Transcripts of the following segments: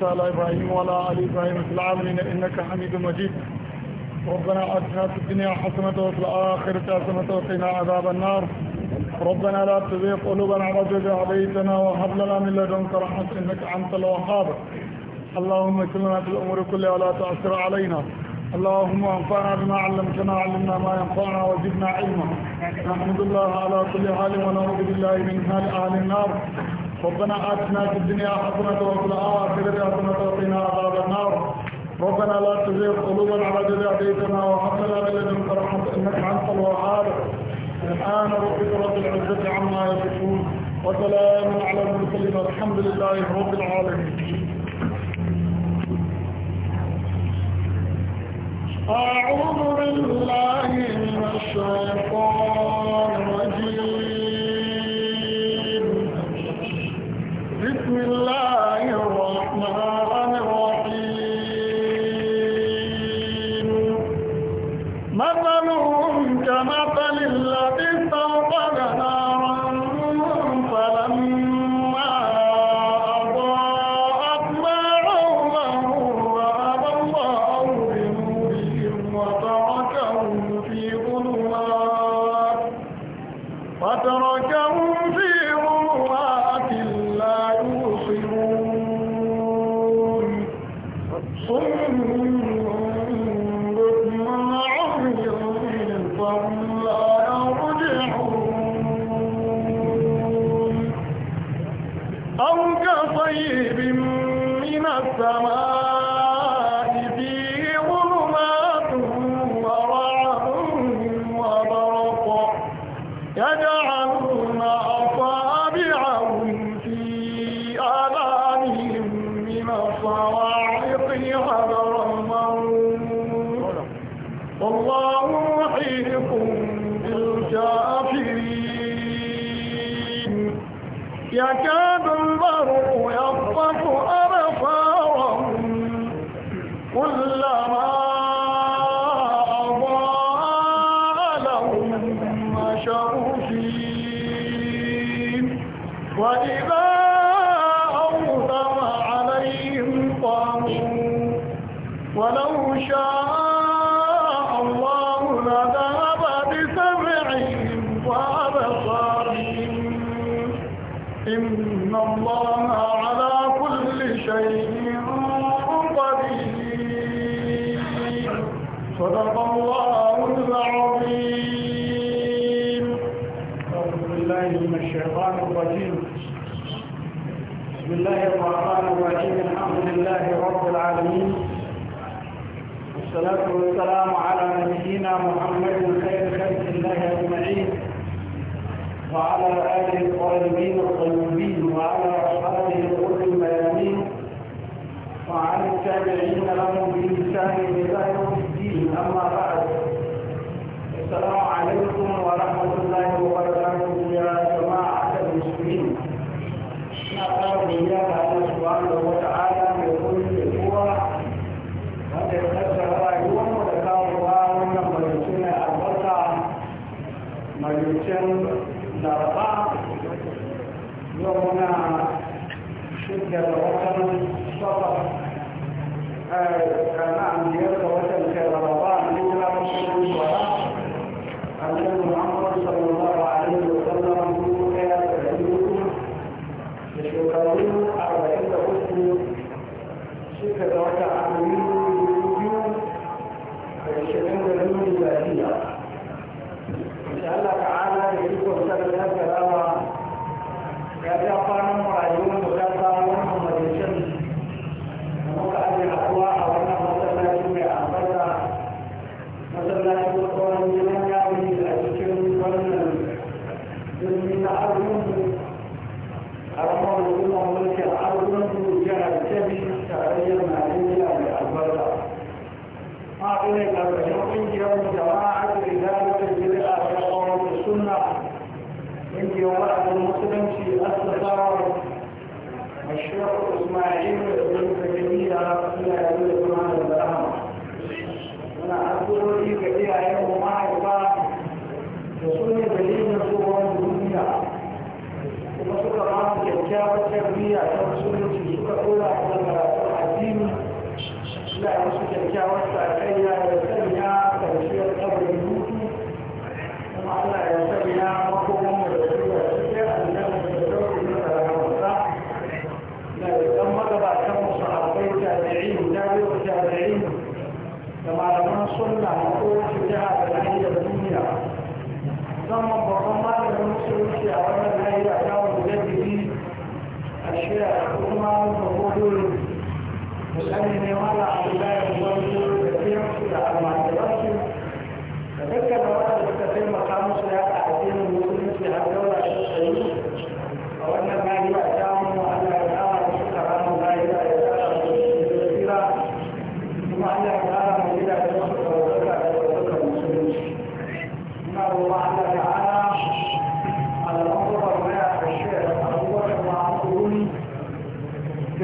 باركت على إبراهيم وعلى آل إبراهيم في العالمين إنك حميد مجيد ربنا أتنا في الدنيا حسنة وفي الآخرة حسنة وقنا عذاب النار ربنا لا تزيغ قلوبنا بعد إذ هديتنا وهب لنا من لدنك رحمة إنك أنت الوهاب اللهم اكلنا في الأمور كلها ولا تأثر علينا اللهم انفعنا بما علمتنا علمنا ما ينفعنا وزدنا علما نحمد الله على كل حال ونعوذ بالله من حال أهل النار ربنا آتنا في الدنيا حسنة وفي الآخرة حسنة وقنا عذاب النار ربنا لا تزغ قلوبنا بعد إذ هديتنا وهب لنا من لدنك رحمة إنك أنت الوهاب الآن ربك رب العزة عما يصفون وسلام على المرسلين الحمد لله رب العالمين أعوذ بالله من الشيطان الرجيم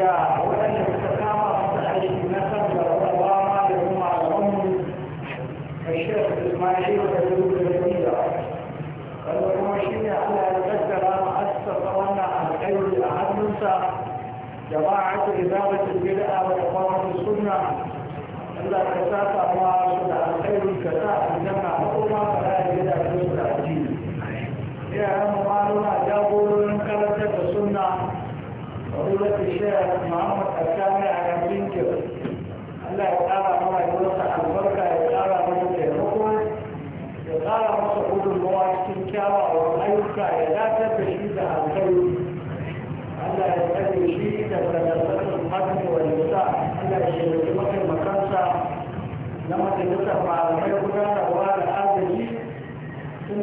da waɗanda suka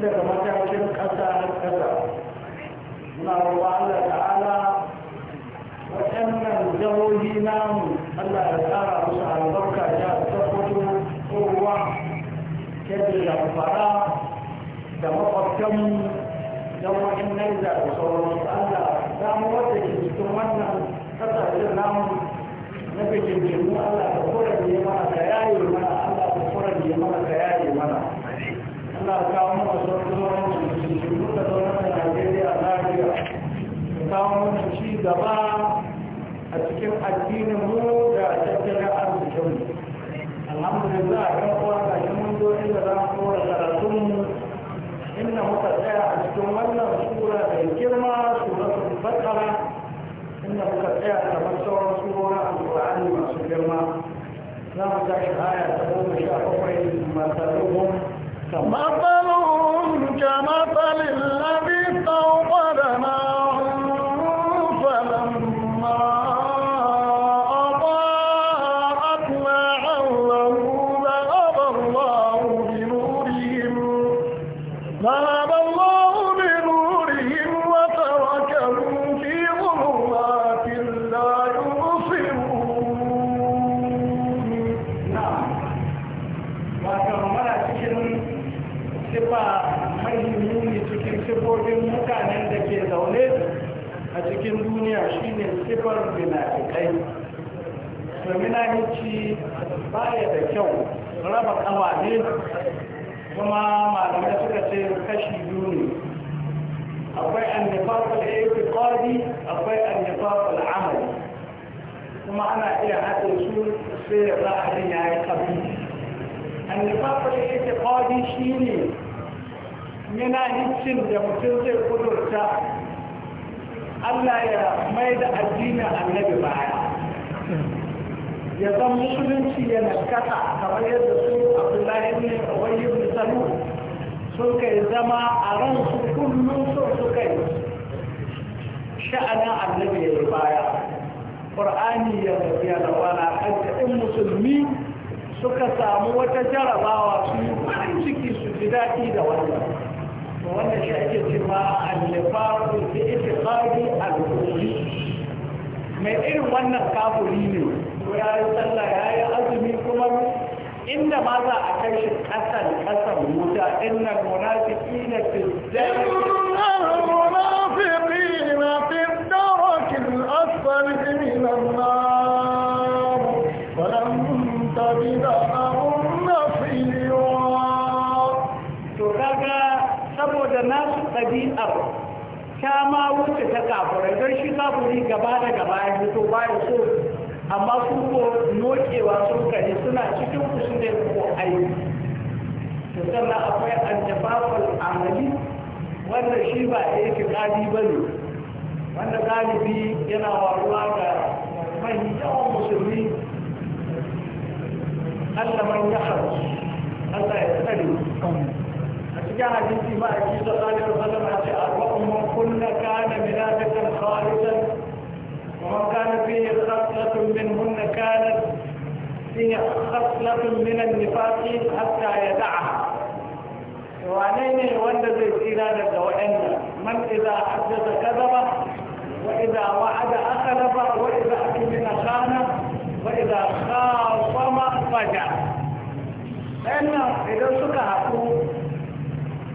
daga matakin ƙasa har ƙasa na ruwa Allah ta'ala waɗannan jahohi namu Allah ya tsara musu albarka ya ko kowa yadda ya fara da maƙwabtanmu da waɗannan da sauransu Allah za mu wata ke cikin wannan ƙasashen namu na bikin jirgin Allah da kura da yi mana ka yayi mana Allah da kura da ya mana ka yayi Allah kawo mu wasu tsoron shekaru da tsoron da Najeriya lafiya kawo mana ci gaba a cikin addinin mu da tattalin arzikin mu alhamdulillah kan kuwa ga shi mun zo inda za mu tsora karatun mu inda muka tsaya a cikin wannan sura da girma suratul baqara inda muka tsaya kamar sauran surorin alqur'ani masu girma za mu tashi aya ta goma sha bakwai masaruhun ma sai ya za a ya yi kabi annifafar itikadi shi ne yana hicin da mutum zai kudurta Allah ya mai da addinin annabi baya ya zan musulunci ya naskata kamar yadda su abdullahi ne wani ibn salu sun kai zama a ran su kullum sun su kai sha'anin annabi ya baya ƙur'ani ya tafiya da wani kanta in musulmi suka samu wata jarabawa su yi farin ciki su ji daɗi da wannan to wannan shi ake cewa al-nifaqu bi itiqadi al-kufri mai irin wannan kafuri ne ko ya yi sallah ya yi azumi kuma inda ma za a kai shi ƙasan ƙasan wuta innal munafiqina fi الدرك الأسفل في إلى النار ولم تجد لهم نصيرا ترجع saboda nasu ɗabi'ar ta ma wuce ta kafirai don shi kafiri gaba da gaba ya fito bayan so amma su nokewa sun kare suna cikin kusu ko ayi to sannan akwai aljabafal amali wannan shi ba ya yake kadi ba ne wanda galibi yana waruwa ga mai yawan musulmi Allah man ya haru Allah ya tsare a cikin hadisi ba a kisa tsarin sallam a ce arba'un man kunna kana minafikan khalisan ومن كان فيه خصلة منهن كانت فيه خصلة من النفاق حتى يدعها وعنين وند زي سيرا لك وإن من إذا حدث كذبه وإذا وعد أخلف وإذا أكمل خان وإذا خاصم فجع لأن إذا سكى حقوق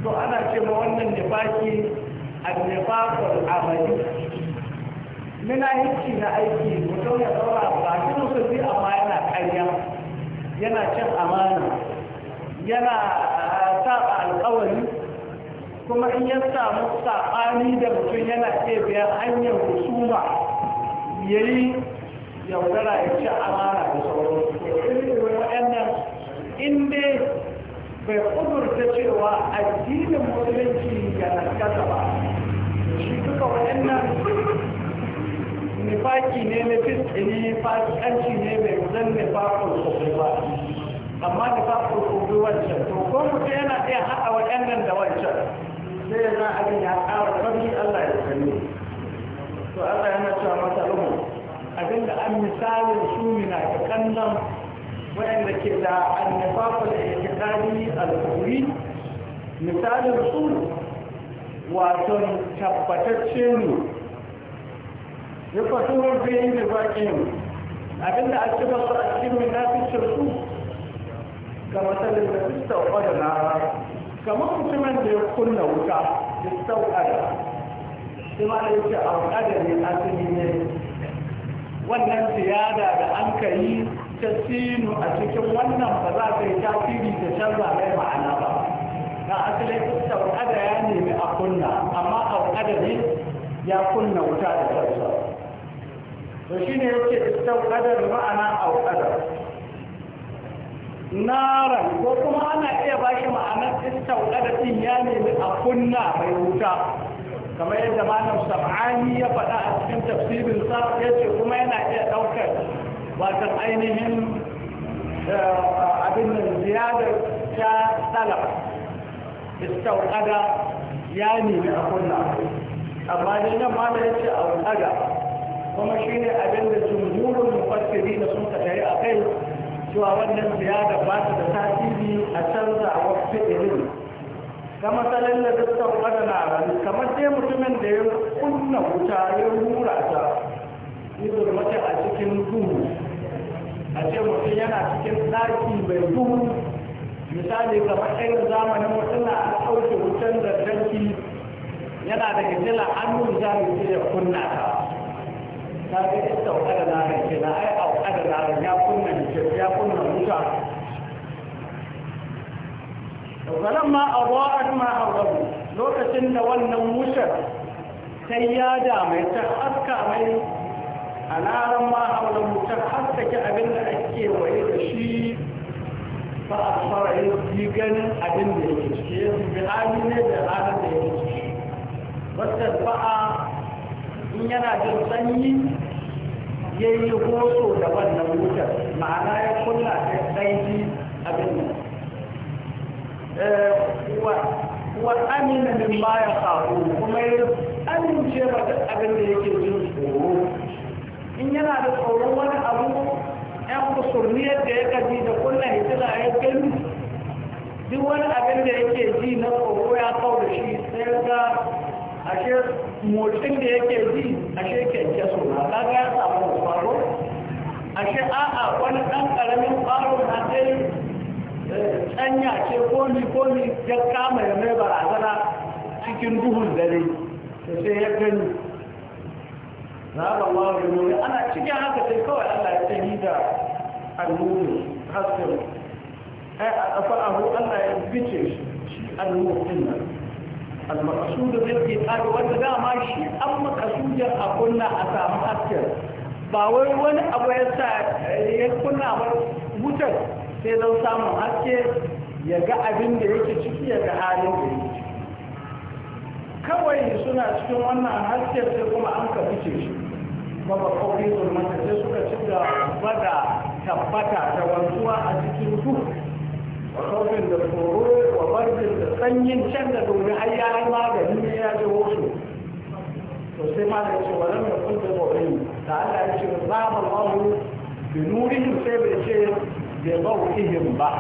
فأنا كما أن النفاق النفاق العملي muna yanki na aiki mutum ya tsora ba shi musulmi amma yana karya yana cin amana yana saba alkawari kuma in ya samu saɓani da mutum yana ke biya hanyar husuma ya yi yaudara ya ci amana da sauransu ina in dai bai kudurta cewa addinin musulunci ga naskasa ba shi duka waɗannan nufaki ne na fiskini fasikanci ne mai zan nufakon sosai ba amma nufakon kofi wancan to ko mutum yana iya haɗa waɗannan da wancan sai yana abin a ƙara ƙarfi Allah ya sani to Allah yana cewa masa rumu abinda an misalin su mina ga kannan waɗanda ke da annifafa da ya kari alƙuri misalin su wato tabbatacce ne ya fasuwar bayan da baƙin abinda a cikin su a cikin minaficin su ga matsalin da su na ƙwadana kamar mutumin da ya kunna wuta da sauƙada shi ma da yake a ƙada ne asali ne wannan siyada da an ka yi ta sinu a cikin wannan ba za ta yi tasiri da canza mai ma'ana ba na asali sauƙada ya nemi a kunna amma a ƙada ne ya kunna wuta da sauƙada to shine yake sauƙadar ma'ana a ƙadar نارا وكما أنا إيه ما أنا إنت ولد تنياني من أخونا بيوتا كما يجب أن أستبعاني يبدا تفسير بالصار يجب كما أنا إيه دوكت أينهم أبن زيادة شا سلم استوقد يعني من أخونا أما لنا ما نجد أولاد وما شيني أبن الجمهور المفسرين سنتجري أخير cewa wannan ziyara ba ta da tasiri a canza wasu irin kama matsalin da dukkan wadana ran kamar sai mutumin da ya kunna wuta ya rura ta yi zurmata a cikin duhu a ce mutum yana cikin ɗaki mai duhu misali kamar irin zamanin mutum na an ɗauke wutan tanki yana da gajila hannun zamu ce ya kunna ta ta ga ita na ran kenan ai a na ran ya kunna wuta falamma adaa'at ma hawlahu lokacin da wannan wutar sai ya dame ta haska mai A larar ma hawlahu ta haskake abin da ake waye da shi ba a fara yin ganin abin da yake ciki yanzu bi hali ne da halin da yake ciki wata ba'a in yana jin sanyi ya yi goso da wannan wutar ma'ana ya kulla ta ɗaiki abin nan eh, wa amina min ma ya faru kuma ya amince ba duk abin da yake jin tsoro in yana da tsoron wani abu yan kusurniyar da ya gaji da kulla hijira ya gani duk wani abin da yake ji na tsoro ya kau da shi sai ga ashe motsin da yake ji ashe kyanke su na kaga ya samu faro ashe a'a wani dan karamin faro na dai tsanya eh, ce komi komi ya kama ya mai barazana cikin duhun dare da sai ya gani na Allah wani nuna ana cikin haka sai kawai Allah ya tafi da annuri hasken ai eh, a ƙafa abu Allah ya bice shi annuri din nan da zai ke tsari wanda dama shi an makasujar a kunna a samu hasken ba wai wani abu ya sa ya kunna ba wutar sai don samun haske ya ga abin da yake ciki ya ga halin da yake kawai suna cikin wannan hasken sai kuma an ka fice shi ba ba kawai zulmanta sai suka ci gaba da tabbata ta wanzuwa a cikin duk وصوت للطرور وبرد للسنين شدد ونحيا عن magani ne ya ji hoto to sai ma da ce wannan da kun da mu'min da Allah ya ce zaba Allah bi nurihim sai bai ce bi dawihim ba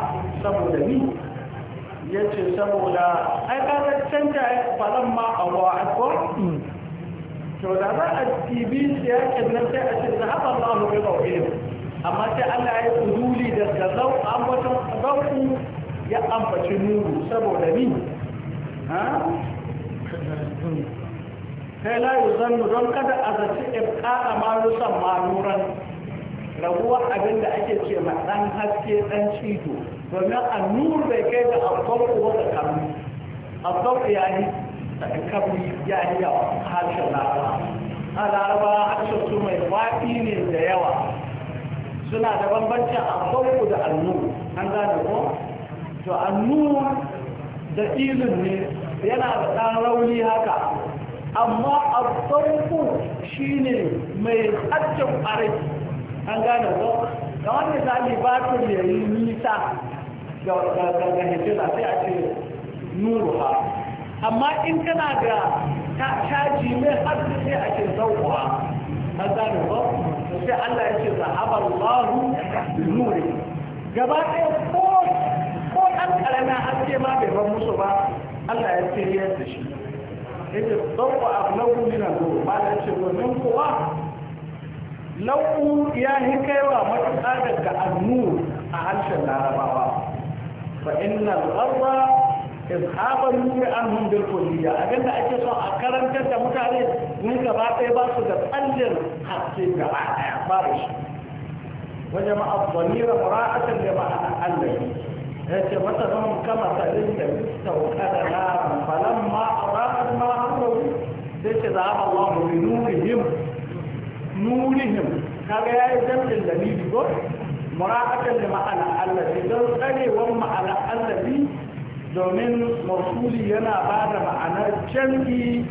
saboda ni yace saboda ai ka ga canja falan ma Allah ko to da ba a tibi siyakin nan sai a ce zaba Allah bi dawihim amma sai Allah ya kuduli daga zau ambaton zauku ya ambaci nuru saboda ni ha sai la zan don kada a zaci ibqa a malusan ma nuran raguwa abin da ake ce ma dan haske dan cito domin a nuru bai kai da abdau ko da kamu abdau ya yi da ya yi yawa harshen laraba a laraba harshen su mai faɗi ne da yawa suna da bambanci a sauku da annu an gane ko to annu da ilin ne yana da ɗan rauni haka amma a sauku shi ne mai hajjin ƙwarai an gane ko kamar ba batun ya yi nisa ga hijira sai a ce nuru ha amma in kana da caji mai hajji sai a ce sauku an gane ko sai Allah ya ce zahaba Allahu nuri gaba ɗaya ko ko ɗan ƙaramin haske ma bai bar musu ba Allah ya ce da shi yake dauka ablahu min al ba da ce domin kuwa lauku ya yi kaiwa matuƙa daga annu a harshen larabawa fa inna al izhabar nuri an hundar kulliya abinda ake so a karantar da mutane ne gaba ɗaya ba su da tsallin haske gaba ɗaya ba da shi wajen ma'azzamira mura'atan da ma'ana allah ya ce masa zan kama sarin da sauka da naran falan ma'ara'ar ma'arau sai ce za a Allah bi nurihim nurihim kaga yayi jam'in dalili ko mura'atan da ma'ana allah don tsarewar ma'ana allah domin mafuli yana ba da ma'anar canji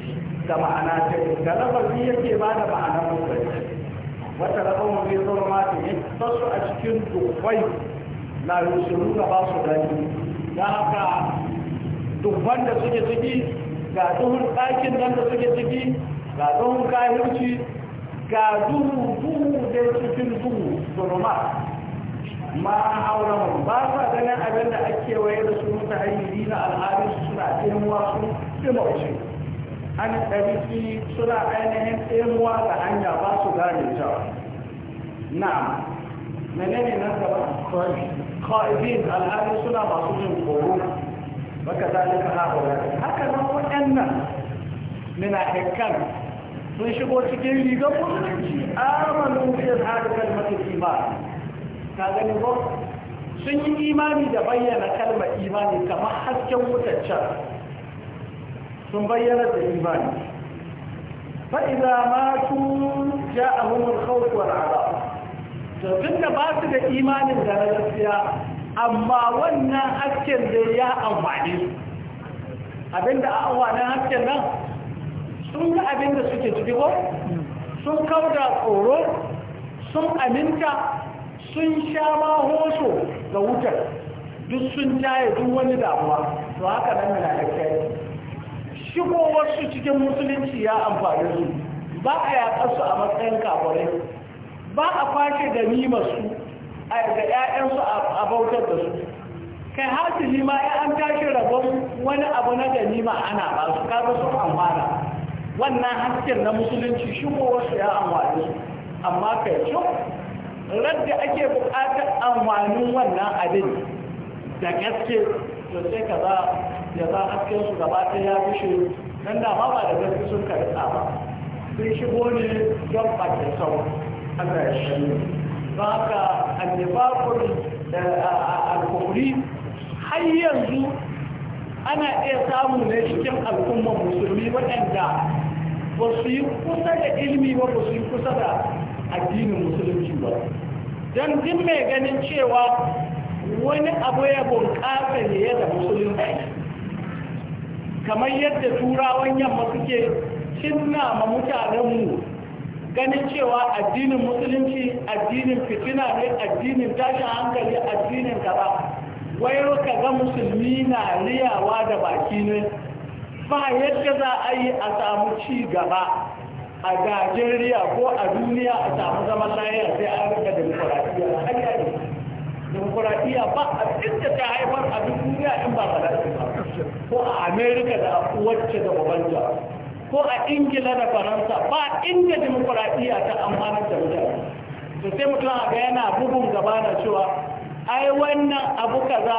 da ma'ana canji da lafazi yake ba da ma'anar musulunci wata lafa, mu bai zama mata ne ta su a cikin dubbai na yusuru da ba su gani da haka dubban da suke ciki ga duhun ɗakin nan da suke ciki ga duhun kahirci ga duhu duhu da cikin duhu zonoma ma aurahum ba sa ganin abin da ake waye da su mutu hayyuri na al'adun su suna ilmuwa su dimauce an ɗariki suna ainihin ilmuwa da hanya ba su gane ta na menene nan gaba ƙa'idin al'adun suna masu jin tsoro baka zalika haɓura haka nan waɗannan munafikan sun shigo cikin rigar musulunci amanu bi izhar kalmatul iman ka gani ko sun yi imani da bayyana kalmar imani kamar hasken wutaccen sun bayyana da imani fa'iza matu ja a hannun kawuwar azab to da ba su da imanin da na gaskiya amma wannan hasken da ya amfani su abinda a amfanin hasken nan sun ga abinda suke ciki ko sun kauda tsoro sun aminta sun sha ma hoso ga wutar duk sun jaye duk wani damuwa to haka nan na da kyai. shigowar su cikin musulunci ya amfani su ba a yaƙa su a matsayin kafare ba a kwashe da nima su a ga ƴaƴansu a bautar da su kai hasi nima ya an tashi rabon wani abu na nima ana ba su kaga sun amfana wannan hasken na musulunci shigowar su ya amfani su amma kai cin radda ake buƙatar amfanin wannan abin da gaske to sai ka za ya za hasken su gaba ya bushe dan da ma ba da gaske sun karɓa ba sun shigo ne don ɓace sau Allah ya shi ba ka annifakun alkufri har yanzu ana iya samu ne cikin al'ummar musulmi waɗanda ba su yi kusa da ilimi ba ba su yi kusa da addinin musulunci ba don duk mai ganin cewa wani abu ya bunƙasa ne ya da musulunci kamar yadda turawan yamma suke cinna ma mutanenmu ganin cewa addinin musulunci addinin fitina ne addinin tashin hankali addinin kaba wai ka ga musulmi na liyawa da baki ne ba yadda za a yi a samu ci gaba a riya ko a duniya a samu zaman lahiya sai a rika demokuraɗiyya hanya ne demokuraɗiyya ba a inda ta haifar a duk duniya in ba falasɗi ba ko a amerika da wacce da babanta ko a ingila da faransa ba inda demokuraɗiyya ta amfanar da mutane to sai mutum a ga yana bugun gaba na cewa ai wannan abu kaza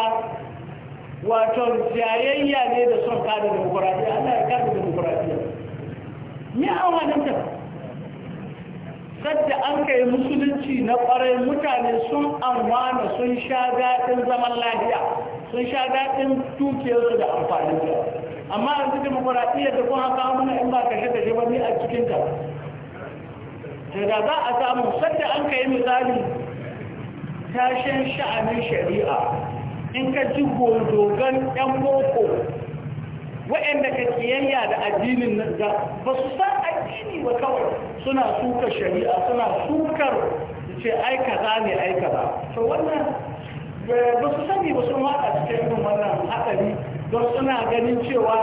wato jayayya ne da son kada demokuraɗiyya allah ya kada demokuraɗiyya Ni hawa nan da sadda an kai musulunci na ƙwarai mutane sun amwana sun sha daɗin zaman lafiya sun sha daɗin dukiyarsu da amfani da amma yanzu demokuraɗiyya da kuma haka mana in ba kashe kashe ba a cikin ta daga za a samu sadda an kai misali tashin sha'anin shari'a in ka ji dogon ɗan boko waɗanda ka kiyayya da addinin nan ba su san addini ba kawai suna suka shari'a suna sukar ce ai kaza ne ai kaza to wannan ba su sani ba sun wada cikin irin wannan hatsari don suna ganin cewa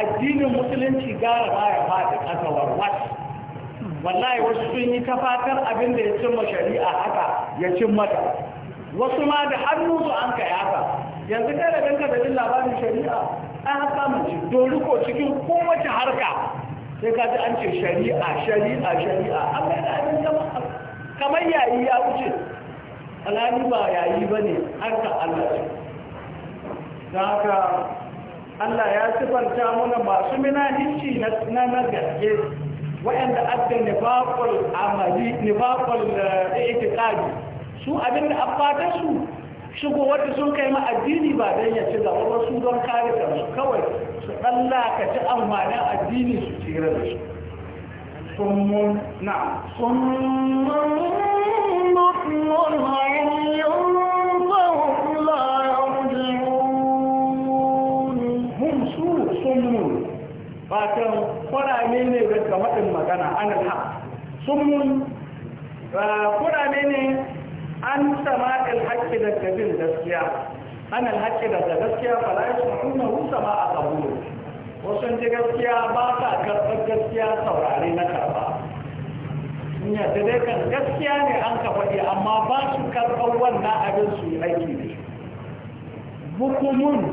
addinin musulunci gara baya faɗi ƙasa warwat wallahi wasu sun yi ta fatar abin da ya cimma shari'a haka ya cimma ta wasu ma da hannu su an kai haka yanzu kai da ganka da labarin shari'a don riko cikin kowace harka sai kaji an ce shari'a shari'a shari'a an mai da abin zama kamar yayi ya wuce alhali ba yayi ba ne harka allah ce ta haka allah ya sifanta mana masu minahinci na na gaske waɗanda adda nifakul amali nifakul eh, su abin da su. shigo wadda sun kai ma addini ba don ya ci gaba ba su don kare kansu kawai su ɗan lakaci amfanin addini su tsira da shi summun na summun mutumin hayayyun fahim la yarjiyun mun su summun fatan kwarame ne daga waɗin magana an alha summun eh, kwarame ne an sama haƙƙi daga bin gaskiya an haƙƙi daga gaskiya fara yi suna rusa ba a kabulu wasu ji gaskiya ba sa karɓar gaskiya saurari na karɓa sun ta dai kan gaskiya ne an ka faɗi amma ba su karɓar wannan abin su yi aiki ne bukumun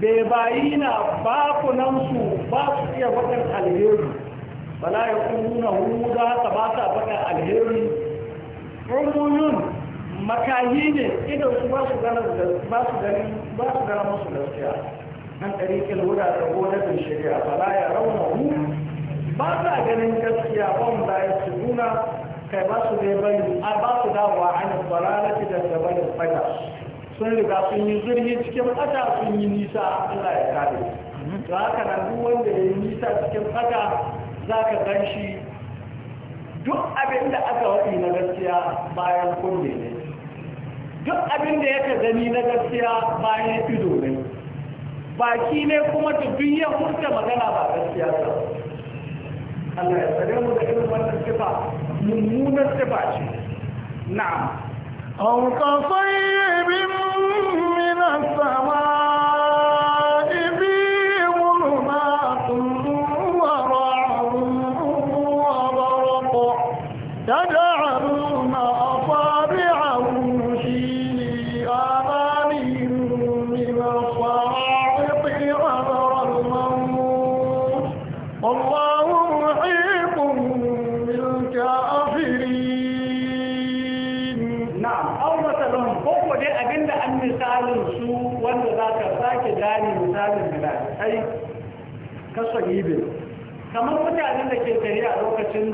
bai bayi na bakunansu ba su iya faɗin alheri bala ya kuma nuna za ta ba sa faɗin alheri rumuyun makahi ne idan su ba su gana ba su gani ba su gana musu gaskiya ke lura da gonakin shari'a ba la ya rauna hu ba sa ganin gaskiya wanda ya su nuna kai ba su dai bari a ba su dawowa an balalati da gabanin fada sun riga sun yi zurfi cikin fada sun yi nisa Allah ya kare to haka nan duk wanda ya yi nisa cikin fada za ka gan duk abin da aka waɗi na gaskiya bayan kunne ne duk abin da yaka gani na gaskiya bayan ido ne baki ne kuma tafi ya hurta magana ba gaskiya ba Allah ya tsare mu da irin wannan sifa mummunan sifa ce na'am aw ka sayyibin min as-sama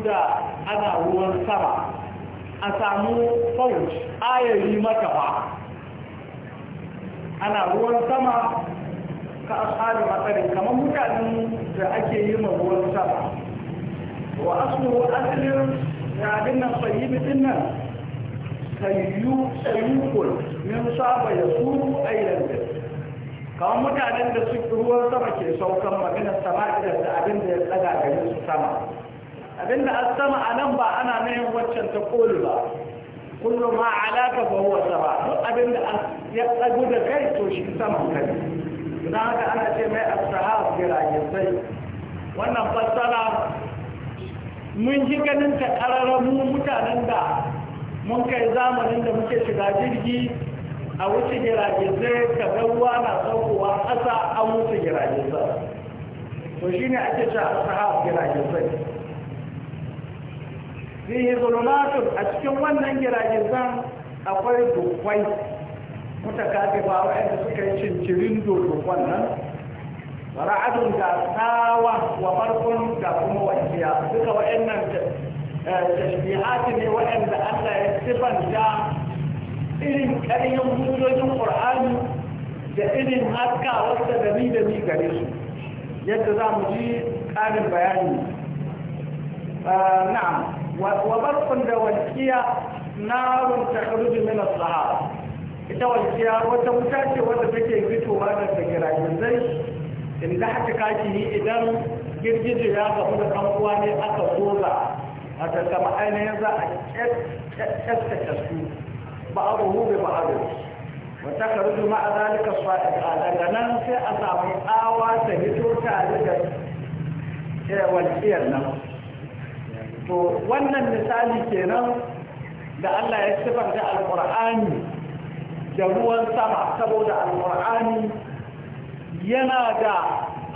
da ana ruwan sama a samu fauci ayari maka ba ana ruwan sama ka asali matsarin kamar mutanen da ake yi ma ruwan sama wa asu asalin yadin nan sahibi din nan sayyu sayyukul min saba ya su ayyanda kamar mutanen da su ruwan sama ke saukan maganar sama da abin da ya tsaga garin su sama abinda a sama a nan ba ana yin waccan ta koli ba kullum ma alaka ba huwa sama duk abinda ya tsagu da kai to shi saman kai na haka ana ce mai asahab sai wannan fassara mun ji ganin ta ƙararren mu mutanen da mun kai zamanin da muke shiga jirgi a wuce zai ka gawa na saukowa ƙasa a wuce zai to ne ake ce girage zai fihi zulumatun a cikin wannan giragizan akwai dukwai mutakafi ba wa'anda suka yi cincirin dukwan nan ra'adun ga tsawa wa farkon ga kuma wajiya duka wa'annan eh, tashbihati ne wa'anda Allah ya sifanta irin ƙaryan hujjojin Qur'ani da irin haska da ni da ni gare su yadda za mu ji ƙarin bayani eh, na'am wa barkun da walƙiya narun ta ita walƙiya wata wuta ce wadda take fitowa daga giragizai inda haka kaki idan girgije ya gabu da kan uwa ne aka zoza a tattama ainihin za a kyaskata su ba a ruhu ba a wata karuji ma'a zalika sa'a daga nan sai a samu awa ta hito tare da eh, walƙiyar nan to wannan misali kenan da Allah ya sifar da alƙur'ani da ruwan sama saboda alƙur'ani yana da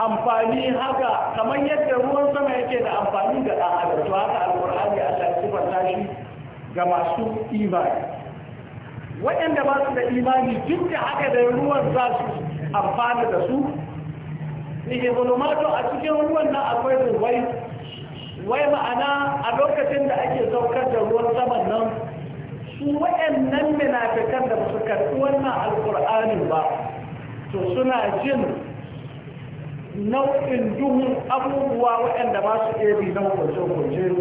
amfani haka kamar yadda ruwan sama yake da amfani ga ɗan to haka alƙur'ani Allah ya sifar shi ga masu imani waɗanda ba su da imani duk da haka da ruwan za su amfana da su ne a cikin ruwan na akwai ruwai wai ma'ana a lokacin da ake saukar da ruwan saman nan su waɗannan munafikan da ba su karɓi wannan alƙur'anin ba to suna jin nau'in duhun abubuwa waɗanda ba su ɗebi na hukunce-hukunce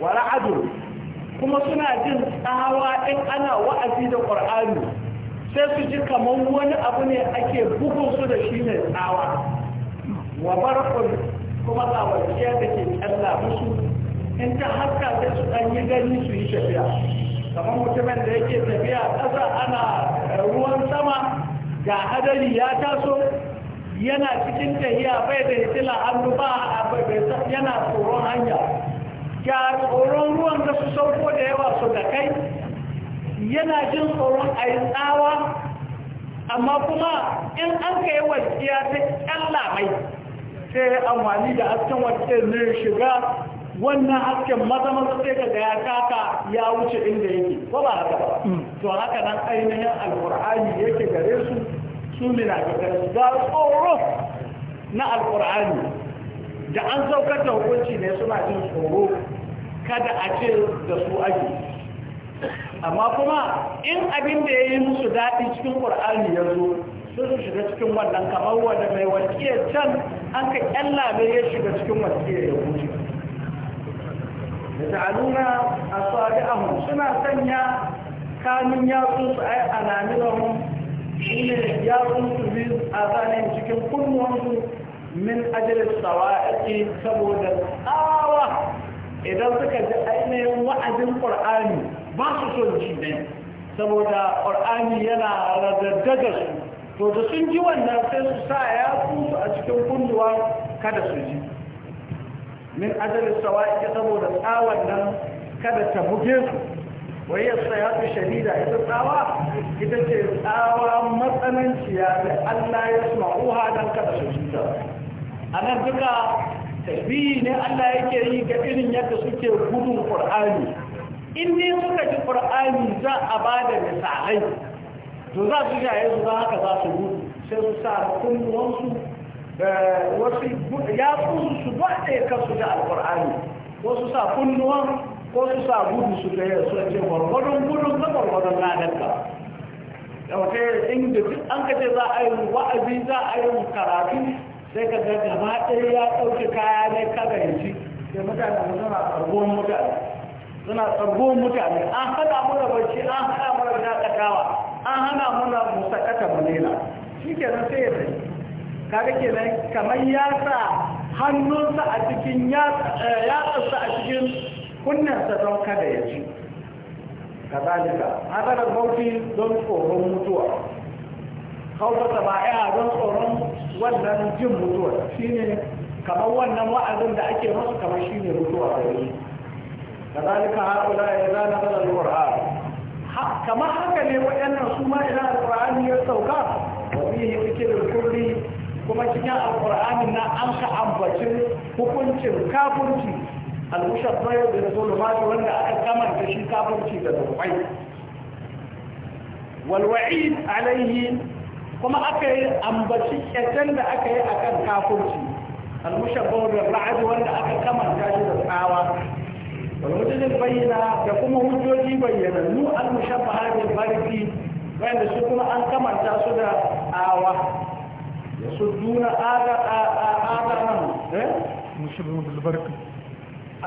Wa adu kuma suna jin tsawa in ana wa'azi da ƙur'ani sai su ji kamar wani abu ne ake bugun su da shi ne tsawa wa barkun kuma ga wajiya da ke kalla musu in ta haska sai su ɗan yi gani su yi tafiya kamar mutumin da yake tafiya ƙasa ana ruwan sama ga hadari ya taso yana cikin tahiya bai da hitila hannu ba a yana tsoron hanya ga tsoron ruwan da su sauko da yawa su da kai yana jin tsoron a yi tsawa amma kuma in an kai wajiya ta kyalla mai sai yi amfani da hasken wata ne shiga wannan hasken maza maza sai ya kaka ya wuce inda yake ko ba haka ba mm. to haka nan ainihin alkur'ani yake gare su su mina ga gare ga tsoro na Alƙur'ani da an saukar da hukunci ne suna jin tsoro kada a ce da su ake amma kuma in abin da ya yi musu daɗi cikin ƙur'ani ya zo sun shiga cikin wannan kamar wanda mai wakiyar can an ka kyalla mai ya shiga cikin wakiyar ya wuce da ta'aluna a tsari ahu suna sanya kanun yatsu su ai a namirahun shi ne sun su bi a zanen cikin kunnuwansu min a sawa'i saboda tsawa idan suka ji ainihin wa'adin ƙur'ani ba su son ji ne saboda ƙur'ani yana daga su to da sun ji wannan sai su sa ya kusu a cikin kunduwa kada su ji min ajalin sawa'i saboda tsawon nan kada ta buge su Wai ya fi shahida ita tsawa ita ce tsawa matsananciya da Allah ya suna uha don kada su ji ta a nan duka tasbihi ne Allah yake yi ga irin yadda suke gudun Kur'ani. in ne suka ji ƙur'ani za a ba da misalai to za su jaye su za haka za su gudu sai su sa kunnuwansu eh, wasu ya su su baɗe kansu da alƙur'ani wasu sa kunnuwan ko su sa gudu su da su ce gwargwadon gudun na gwargwadon ladarka da wata inda duk an ka ce za a yi wa'azi za a yi karatu sai ka ga gaba ɗaya ya ɗauke kaya ne kada ya ci sai mutane suna tsargon mutane suna tsargon mutane an haɗa mura bacci, an haɗa shakatawa an hana muna musakata manila shi ke nan sai ya kaga ke nan kamar ya sa hannunsa a cikin eh, yatsarsa a cikin kunnensa don kada ya ci kazalika hadarar bauti don tsoron mutuwa kawbata ba ya don tsoron wannan jin mutuwa shine kamar wannan wa'azin da ake masu kamar shine mutuwa da yi kazalika haƙula ya zana zanar qur'an kamar haka ne waɗannan su ma idan alƙur'ani ya sauka wa fihi zikrul kulli kuma cikin Alƙur'ani na an ka ambacin hukuncin kafirci al-mushabbah da zulumati wanda aka da shi kafirci da zulmai wal wa'id alaihi kuma aka yi ambaci ƙyatan da aka yi akan kafirci al-mushabbah da ra'ad wanda aka da shi da tsawa والوجد البينة يقوم وجوجي بينا نو المشبهة بالبركي وعند سكونا أن كما تأسد آوة يسدون آذر آذر مشبه بالبركي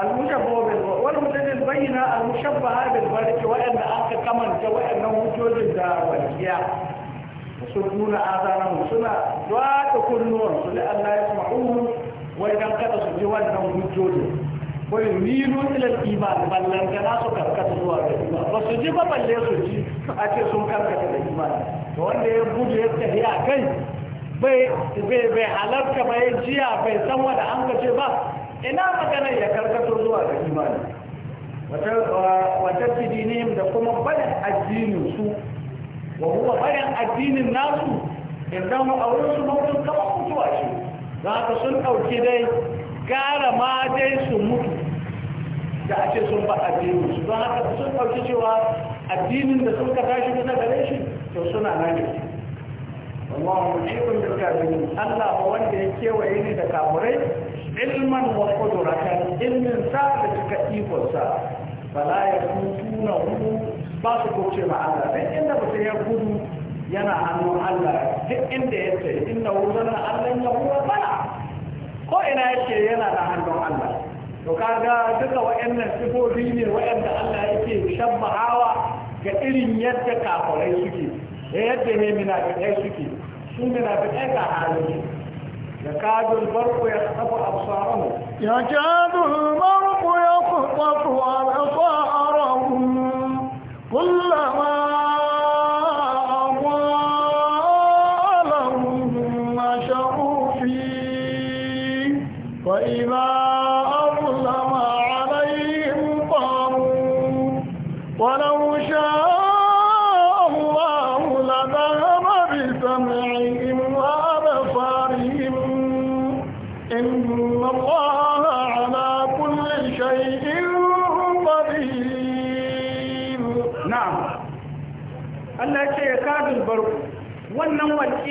المشبهة بالبركي والوجد البينة المشبهة بالبركي وعند أنك كما تأسد وجوجي بالبركي يسدون آذرهم سنة دعاء كل نور لأن لا يسمعون وإذا انقذ سجوان وجوجي wai milu ilal iman ballan kana su karkata zuwa ga iman ba su ji ba balle su ji a ce sun karkata da iman to wanda ya gudu ya tafi a kai bai bai halarta ba ya jiya bai san wanda an kace ba ina magana ya karkata zuwa ga iman wata tidinihim da kuma bayan addinin su wa huwa bayan addinin nasu idan a wurin su mutum kama mutuwa shi za ka sun ɗauki dai gara ma dai su mutu da ake sun ba addini su don haka sun ɗauki cewa addinin da sun ka tashi na gare shi to suna na ne wallahu mu'ikun da kafirin Allah ba wanda ya kewaye ni da kafirai ilman wa qudratan ilmin sa da cika ikon sa ya yakutuna hu ba su kuce ma Allah dan inda mutum ya gudu yana hannun Allah duk inda ya ce inna Allah ya huwa bala ko ina yake yana da hannun Allah to kaga duka waɗannan sifofi ne waɗanda Allah yake shabbahawa ga irin yadda kafirai suke da yadda ne munafikai suke su munafikai ga halin يكاد البرق يخطف أبصارهم يكاد البرق يخطف أبصارهم كلما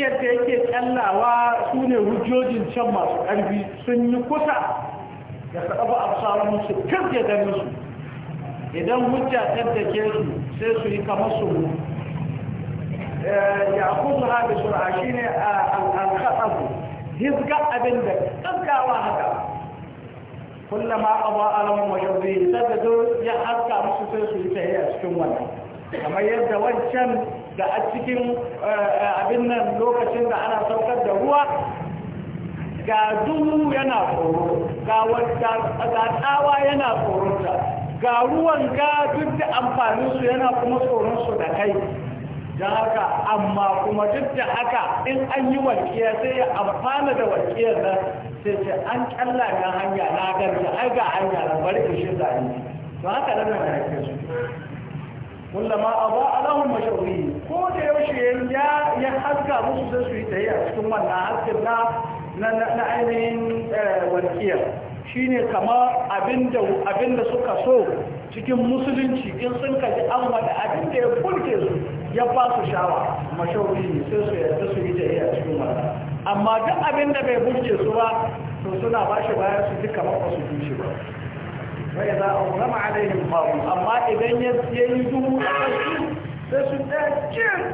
igiyar da yake tsallawa su ne hujjojin can masu ƙarfi sun yi kusa da taɓa absarar musu karke ganin su idan hujja tattake su sai su yi kamar su mu ya kusa ha da sura shi ne al'alƙaɗaku hizga abin da ƙaggawa haka kullama abuwa alamun wajen zai sadado ya haska musu sai su yi ta a cikin wannan kamar yadda wancan da a cikin eh, eh, abin nan lokacin da ana saukar da ruwa ga duhu yana tsoro ga tsawa yana tsoronta ga ruwan ga duk da amfaninsu yana kuma tsoronsu da kai don haka amma kuma duk da haka in an yi walƙiya sai ya amfana da walƙiyar nan sai ce an ƙalla na hanya na ganta ai ga hanya na bari in shi zane to haka nan na yake su kullama a alahum mashauri ko da yaushe ya ya haska musu sai su yi tayi a cikin wannan haskin na na ainihin Shi eh, shine kama abinda abinda suka so cikin musulunci in sun kaji an wada abinda ya kulke su ya ba su shawa mashauri ne sai su yarda su yi tayi a cikin wannan amma duk abinda bai burge su ba to suna ba shi bayan su duka ba su ba فإذا أظلم عليهم قوم أما إذا يجدوا sai su ɗaya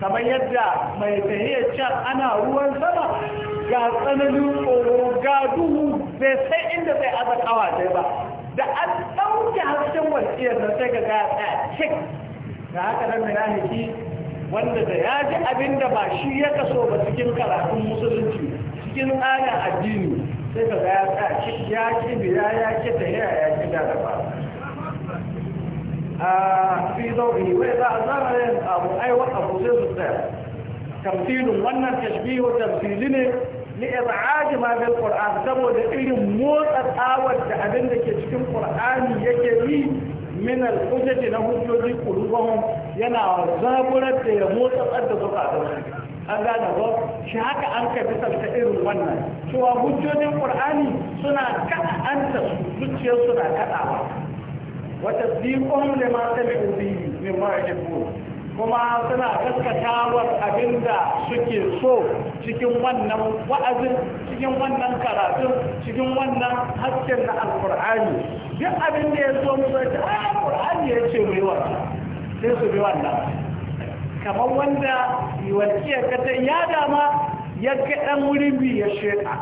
kamar yadda mai tahiyar ana ruwan sama ga tsananin tsoro ga duhu bai sai inda zai aza kawa dai ba da an ɗauke hasken wasiyar da sai ga gata cik da haka nan na hiki wanda da ya ji abin da ba shi ya kaso ba cikin karatun musulunci cikin tsarin addini sai ka ya sa ci ya ci biya ya ci ta ya ya ci da da ba a fi zauri wai za a zamanin abu aiwa abu sai su tsaya tamfilin wannan tashbihu tamfili ne ni ibadi ma bil qur'an saboda irin motsa tsawar da abin da ke cikin qur'ani yake yi min al hujjati na hujjoji qulubahum yana zaburar da ya motsa tsar da zakatansu an gane ba shi haka an ka fi irin wannan cewa hujjojin qur'ani suna kada an ta zuciyar suna ba wata zikon da ma sami ubi min ma yajibu kuma suna gaskatawar abinda suke so cikin wannan wa'azin cikin wannan karatun cikin wannan hasken na alqur'ani duk abin da ya zo musu ya ce ah, alqur'ani ya ce mai wannan sai su bi wannan kamar wanda bi wani ta ya dama ya ga ɗan wurin bi ya sheka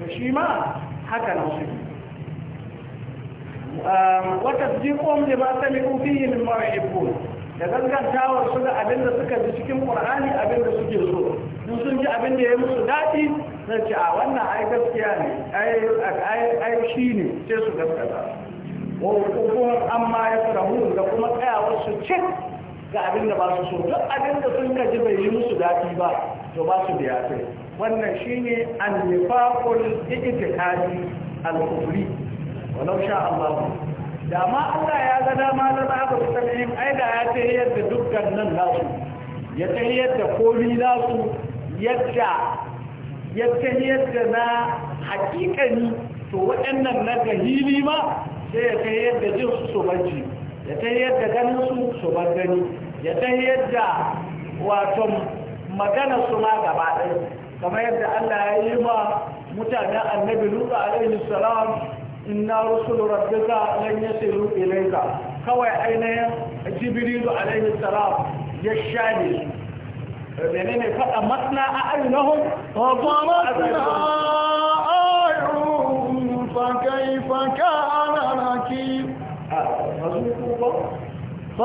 da shi ma haka na shi wata jikon da ba ta mai ofi yin mara da gangantawar su da abin da suka ji cikin ƙwarani abin da suke so sun sun ji abin da ya musu daɗi na ce a wannan ai gaskiya ne ai shi ne sai su gaskata wa hukumar amma ya farahu da kuma tsayawar su cik ga abin da ba su so duk abin da sun kaji bai yi musu daɗi ba to ba su da yafe. wannan shine annifaqul ijtihadi al-kufri walau sha Allah da ma Allah ya ga dama na za ka fitar yin ai da ya ta yadda dukkan nan nasu ya ta yadda komi nasu yadda ya ta yadda na hakikani to waɗannan na gahili ma sai ya ta yadda jin su banci. ya ta yadda ganin su su bar gani ya ta yadda wato magana su ma gaba ɗaya kamar yadda Allah ya yi ma mutanen annabi Luka alaihi salam inna rusulu rabbika lan yasilu ilayka kawai ainihin jibrilu alaihi salam ya shane su menene faɗa masna a ainihin wa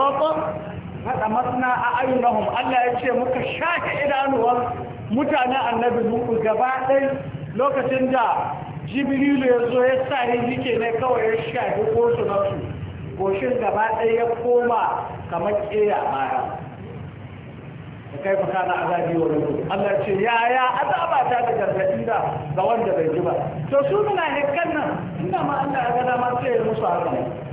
absata haɗa masna a ayyunahum Allah ya ce muka shafe idanuwar mutane annabi muku gaba ɗai lokacin da jibrilu ya zo ya sa ni ne kawai ya shafi ko su na su goshin gaba ɗai ya koma kamar ƙeya baya da kai fa kana azabi wa rabbu Allah ya ce ya ya azaba ta da gargadi da ga wanda bai ji ba to su muna hikkan nan inda ma Allah ya ga dama sai ya musu haka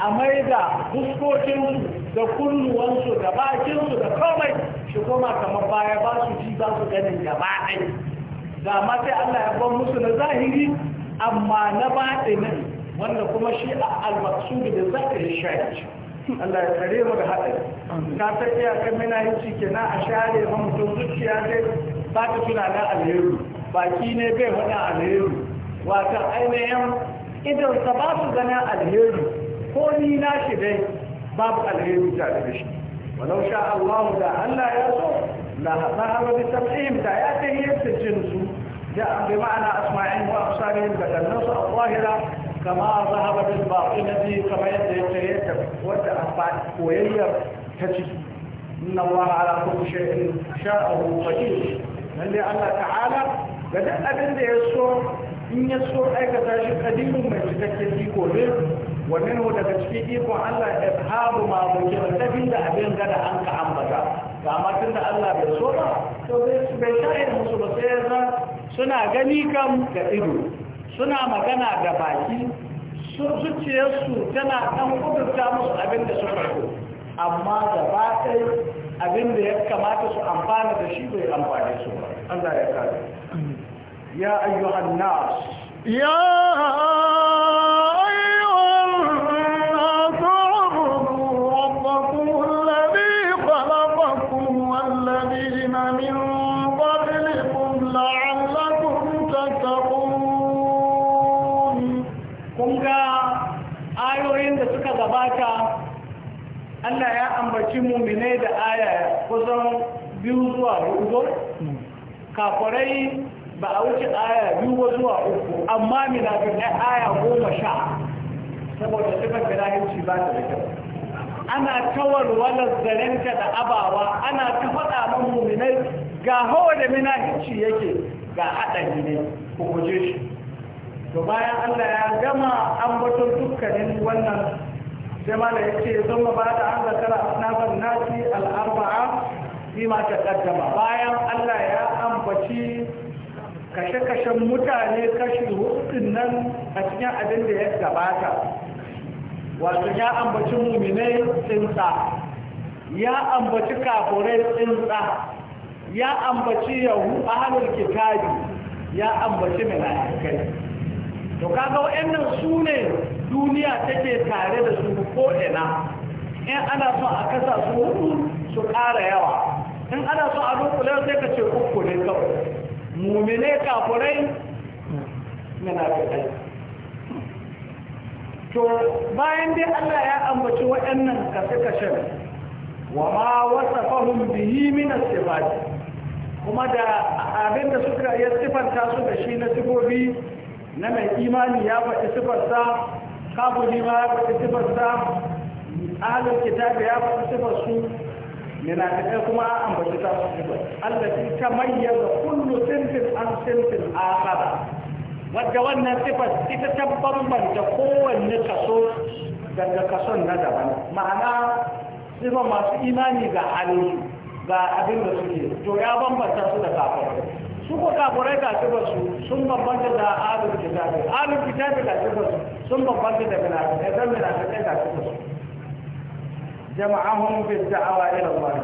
a mai da buskokinsu da kulluwansu, da bakinsu da komai shi koma kamar baya ba su ji za su ganin gaba ɗai da ma sai Allah ya ban musu na zahiri amma na baɗinin wanda kuma shi a almaksudu da zakari shayar Allah ya kare mu da haɗari ka ta iyakar mina yin cike na a share ma mutum zuciya dai ba ta tuna tunanin alheri baki ne bai wani alheri wata ainihin idan sa ba su ganin alheri ko ni na shi dai babu alheri tare da shi walau sha Allah da Allah ya so la hasara bi tab'im da ya ta yadda jinsu جاء بمعنى أسماعهم وأبصارهم بالنص الظاهرة كما ذهب بالباطنة كما يتيتر وتأفعل ويير تجد إن الله على كل شيء شاءه قدير لأن الله تعالى بدأ أبن يسوع إن يسوع أيك تاجي قديم من تكتيك وليه wa minhu daga cikin ikon Allah ishabu ma bukira tafi da abin gada an ka ambata ga matan da Allah bai so ba to bai ba sai suna gani kam da ido suna magana da baki zuciyarsu tana ɗan kudurta musu abin da suka so amma da ba abin da ya kamata su amfana da shi bai amfani su ba Allah ya kare ya ayyuhan nas ya gabata Allah ya ambaci mumine da aya kusan biyu zuwa hudu kafirai ba a wuce aya biyu zuwa uku amma minafikai aya goma sha saboda sifar birahimci ba ta da kyau ana kawar walar zarenka da abawa ana ta faɗa man muminai ga hawa da minahinci yake ga haɗari ne ku guje shi to bayan allah ya gama ambaton dukkanin wannan sai ma da yake sun ba da an zakara asnafan nasi al'arba'a fi ma ta kaddama bayan Allah ya ambaci kashe-kashen mutane kashi hudun nan a cikin abin da ya gabata wato ya ambaci muminai tsinsa ya ambaci kafurai tsinsa ya ambaci yahu ahalul kitabi ya ambaci mai mala'ikai to kaga wa'annan su ne duniya take tare da su ko ina in ana so a kasa su hudu su ƙara yawa in ana so a dukkule sai ka ce uku ne kawai mumine kafurai yana kai to bayan dai Allah ya ambaci waɗannan kashe-kashen wa ma wasafahum bihi min as-sifat kuma da abin da suka yi sifanta su da shi na sifofi na mai imani ya faɗi sifarsa kafuri ma ya faɗi sifarsa ahalin kitabi ya faɗi sifarsu munafikai kuma an ambaci ta su sifar ta tamayyaza kullu sinfin an sinfin akhar wadda wannan sifar ita ta bambanta kowanne kaso daga kason na daban ma'ana sifar masu imani ga halin ga abin da suke to ya bambanta su da kafin su ko kafurai ga su sun bambanta da alul kitabi alul kitabi ga su sun bambanta da munafikai dan munafikai ga su jama'ahum bi da'awa ila Allah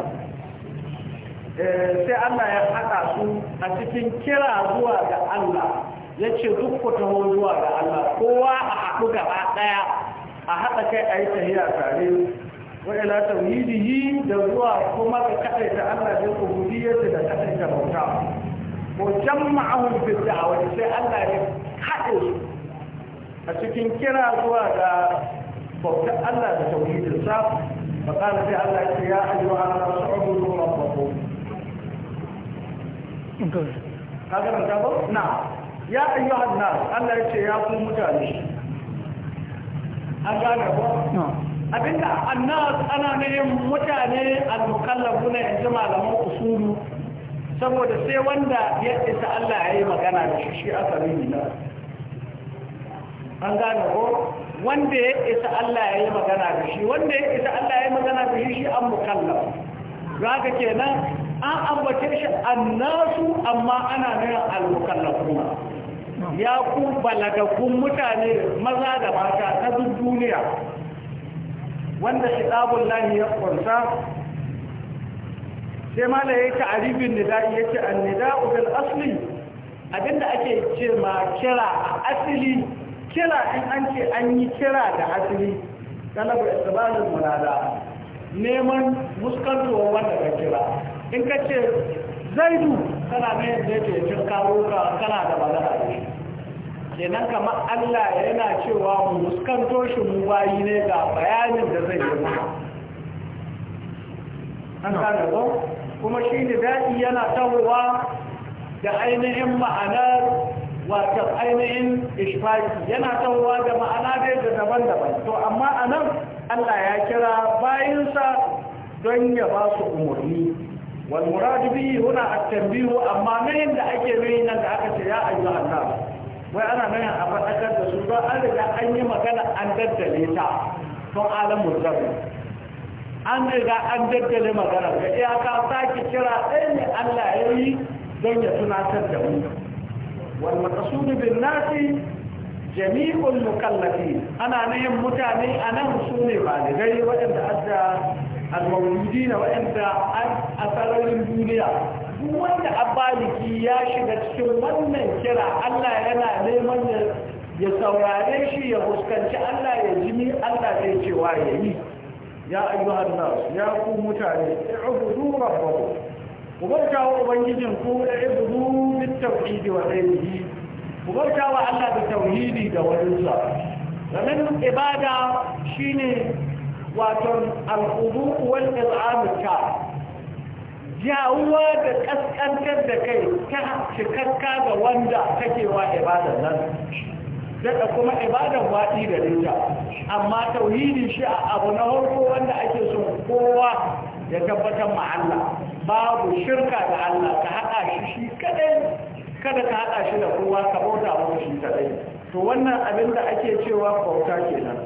eh, sai Allah ya haɗa su a cikin kira zuwa ga Allah ya ce duk ku taho zuwa ga Allah kowa a haɗu gaba ɗaya a haɗa kai a yi tahiya tare wa ila tauhidihi da zuwa kuma ka kaɗaita Allah da ubudiyyarsa da kaɗaita bauta وجمعهم في الدعوة لشيء الله يحقل فشكين كنا أزواء فبتاء الله بتوحيد الساب فقال في الله يا أيها الناس عبدوا ربكم هذا من قبل؟ نعم يا أيها الناس الله يتشي يا أبو مجالش أجانا بو؟ نعم أبدا الناس أنا نعم مجالي المكلفون عندما لهم أصوله saboda sai wanda yadda isa Allah ya yi magana da shi shi aka nuna an gane ko wanda ya isa Allah ya yi magana da shi wanda ya isa Allah ya yi magana da shi shi an mukallaf za ka kenan an ambace shi nasu amma ana nuna al kuma. ya ku balagagun mutane maza da mata ta duk duniya wanda shi shidabun lahi ya kwanta. sai ma da ya ta'arifin nida ya ce an nida bil asli abinda ake ce ma kira a asili kira in an ce an yi kira da asili talabu istibalin murada. neman muskantowa wanda ka kira in ka ce zaidu kana mai da ke cin kawo ka kana da magana ne kenan kama Allah yana cewa mu muskanto shi mu bayi ne ga bayanin da zai yi mana an gane ko kuma shi ne daɗi yana tahowa da ainihin ma'anar wata ainihin ishfaki yana tahowa da ma'ana dai da daban-daban to amma a nan allah ya kira bayansa don ya ba su umarni Wani muradu biyu huna at-tanbihu amma nan da ake yi nan da aka ce ya ayyuhan nas wai ana nan a faɗakar da su don an riga an yi magana an daddale ta don alamun zabi an riga an daddale magana ga iyaka sake kira ɗaya ne Allah ya yi don ya tunatar da mu wal maqsud bin nasi jami'ul mukallafi ana nayin mutane anan su ne baligai waɗanda adda al-mawludi na waɗanda an duniya wanda abaliki ya shiga cikin wannan kira Allah yana neman ya saurare shi ya fuskanci Allah ya jimi, Allah zai cewa ya yi ya ayyuhan nas ya ku mutane i'budu rabbakum ku barka wa ubangijin ku da ibudu bit tauhidi wa ilmihi ku barka wa Allah da tauhidi da wajensa sannan ibada shine wato al-khudu wal iz'am ta jawuwa da kaskantar da kai ta cikakka ga wanda kake wa ibadar nan daga kuma ibadar waɗi da rinta amma tauhidi shi a abu na harko wanda ake son kowa ya tabbatar ma Allah babu shirka da Allah ka haɗa shi shi kaɗai. kada ka haɗa shi da kowa ka bauta masa shi kadai to wannan abin da ake cewa bauta kenan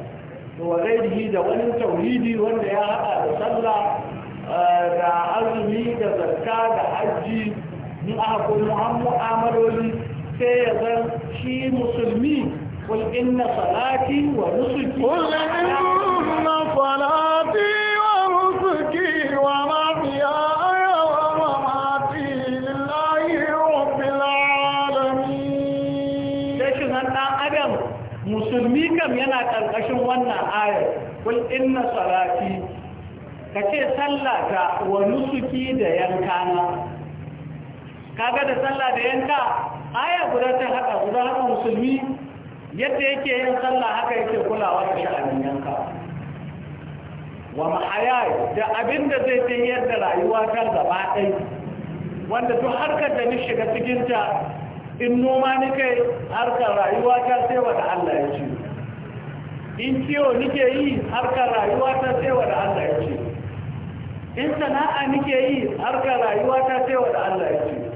to wa da wani tauhidi wanda ya haɗa da sallah eh, da azumi da zakka da hajji in aka kuma mu'amaloli sai ya zan shi musulmi قل إن صلاتي ونسكي قل إن صلاتي ونسكي ومحياي ومماتي لله رب العالمين لكن أنت أدم musulmi kam yana ƙarƙashin wannan ayar kul inna salati ka ce sallata wa nusuki da kaga da sallah da yanka aya guda ta haɗa guda haka musulmi yadda yake yin sallah haka yake kulawa da sha'anin yanka wa mahaya da abin da zai tafiyar da rayuwa ta gaba ɗai wanda duk harkar da ni shiga cikinta in noma ni kai harkar rayuwa ta sai da Allah ya ce in kiwo nike yi harkar rayuwa ta sai da Allah ya ce in sana'a nike yi harkar rayuwa ta sai da Allah ya ce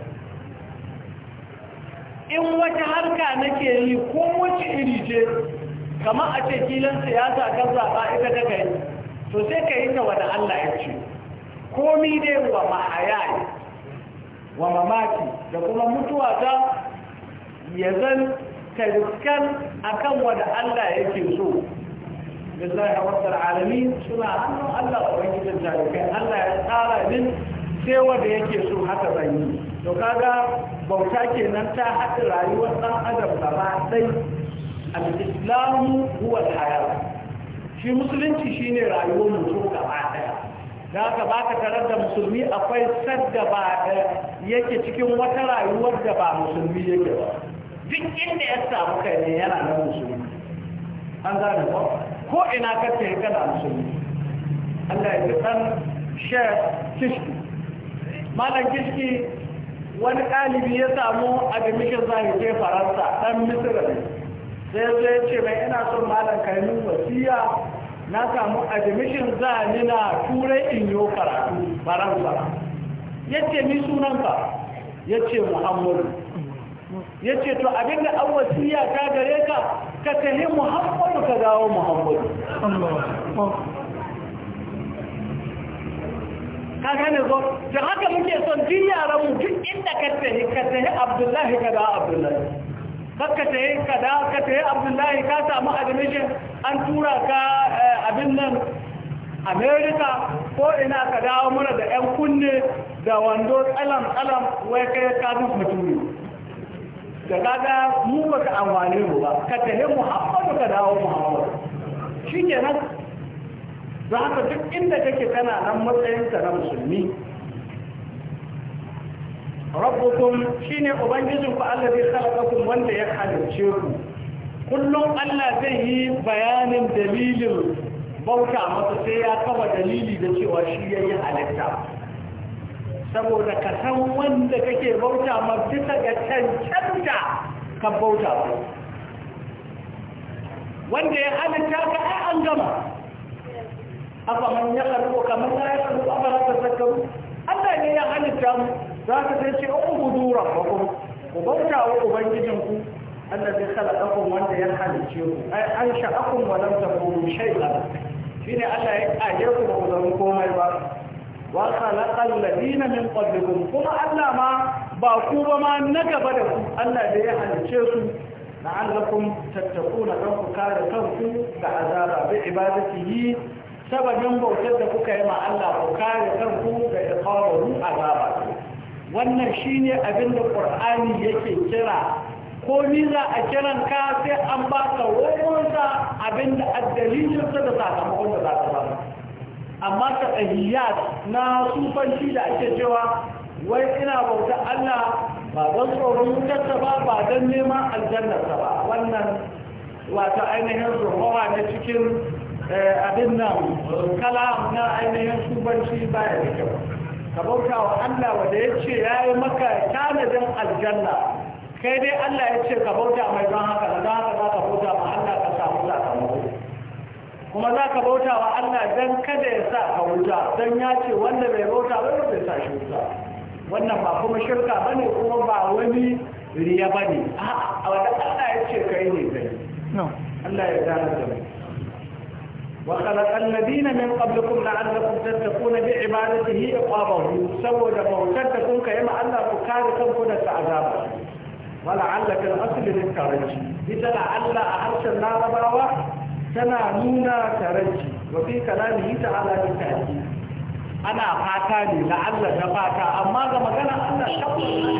in wata harka nake yi ko wace iri ce kamar a ce kilan siyasa kan zaɓa ita ta kai to sai ka yi ta wani Allah ya ce komi dai wa mahayai wa mamaki da kuma mutuwa ta ya zan tariskan akan wani Allah ya ke so lillahi rabbil alamin suna hannun Allah gidan jarikai Allah ya tsara min sai wanda yake so haka zan yi to kaga bauta kenan ta haɗa rayuwar ɗan adam gaba ɗai al-islamu huwa al-hayat shi musulunci shine rayuwar mutum gaba ɗaya da aka ba ka tarar da musulmi akwai sadda ba yake cikin wata rayuwar da ba musulmi yake ba duk inda ya samu kai ne yana na musulmi an gane ba ko ina ka ce kana musulmi Allah ya fi ɗan shek kishki malam kishki wani ɗalibi ya samu admission za je faransa ɗan misira ne sai zai ce mai ina son malam kaimin wasiya na samu admission za ni na turai in yo karatu faransa ya ce ni sunanka ya ce muhammadu ya ce to abinda an wasiya ta gare ka ka tahi muhammadu ka dawo muhammadu ka gane zo da haka muke son duk yaran mu duk inda ka tafi ka tafi abdullahi ka da abdullahi kakka ta yi ka da ka ta abdullahi ka samu admission an tura ka eh, abin nan america ko ina ka dawo mana da yan kunne da wando tsalam tsalam wai kai ka zuwa mutune da kaga mu baka amfane mu ba ka tafi muhammadu ka dawo muhammadu shi kenan don haka duk inda kake kana nan matsayinka na musulmi rabbukum shine ubangijin ku Allah zai khalaqakum wanda ya halice ku kullum Allah zai yi bayanin dalilin bauta masa sai ya kaba dalili da cewa shi yi halitta saboda ka san wanda kake bauta ma bisa ga cancanta ka bauta wanda ya halitta ka ai an gama Akwai ya karbo kamar ya karbo afa ta tazakkaru Allah ne ya halitta mu za ka sai ce ku budu rabbakum ku bauta wa ubangijin ku kala khalaqakum wanda ya halicce ku ai an sha'akum wa lam takunu shay'an shine Allah ya kaje ku ba ku zama komai ba wa khalaqal ladina min qablikum kuma Allah ma ba ku ba ma na gaba da ku Allah da ya halicce su la'allakum tattaquna kan ku kare kanku da azaba bi ibadatihi sababin bautar da kuka yi ma Allah ku kare kanku da iqaru azaba wannan shine abin da Qur'ani yake kira ko ni za a kiran ka sai an ba ka wurinsa abin da addalilin sa da sakamakon da za ka ba amma ta ɗahiyar na sufanci da ake cewa wai ina bauta Allah ba don tsoron wutarsa ba ba don neman aljannarsa ba wannan wata ainihin zurmawa na cikin Eh, abin nan kala na ainihin shubanci baya da kyau ka bauta wa Allah wanda ya ce ya yi maka tanadin aljanna kai dai Allah ya ce ka bauta mai don haka da don haka za ka bauta ma Allah ka samu za ka sakamako kuma za ka bauta wa Allah don kada ya sa ka wuta don ya ce wanda bai bauta ba ya sa shi wuta wannan ba kuma shirka ba ne kuma ba wani riya ba ne a wanda Allah ya ce ka yi ne zai Allah ya gane da mai وخلق الذين من قبلكم لعلكم تتقون بعبادته إقامه سوى وكتبوا كيما أن تكاركم كنت عذابا ولعلك الأصل للترجي إذا لعل عرش النار تنا نونا ترجي وفي كلامه تعالى بالتأكيد أنا فاتاني لعل نفاتا أما كما كان أن تقول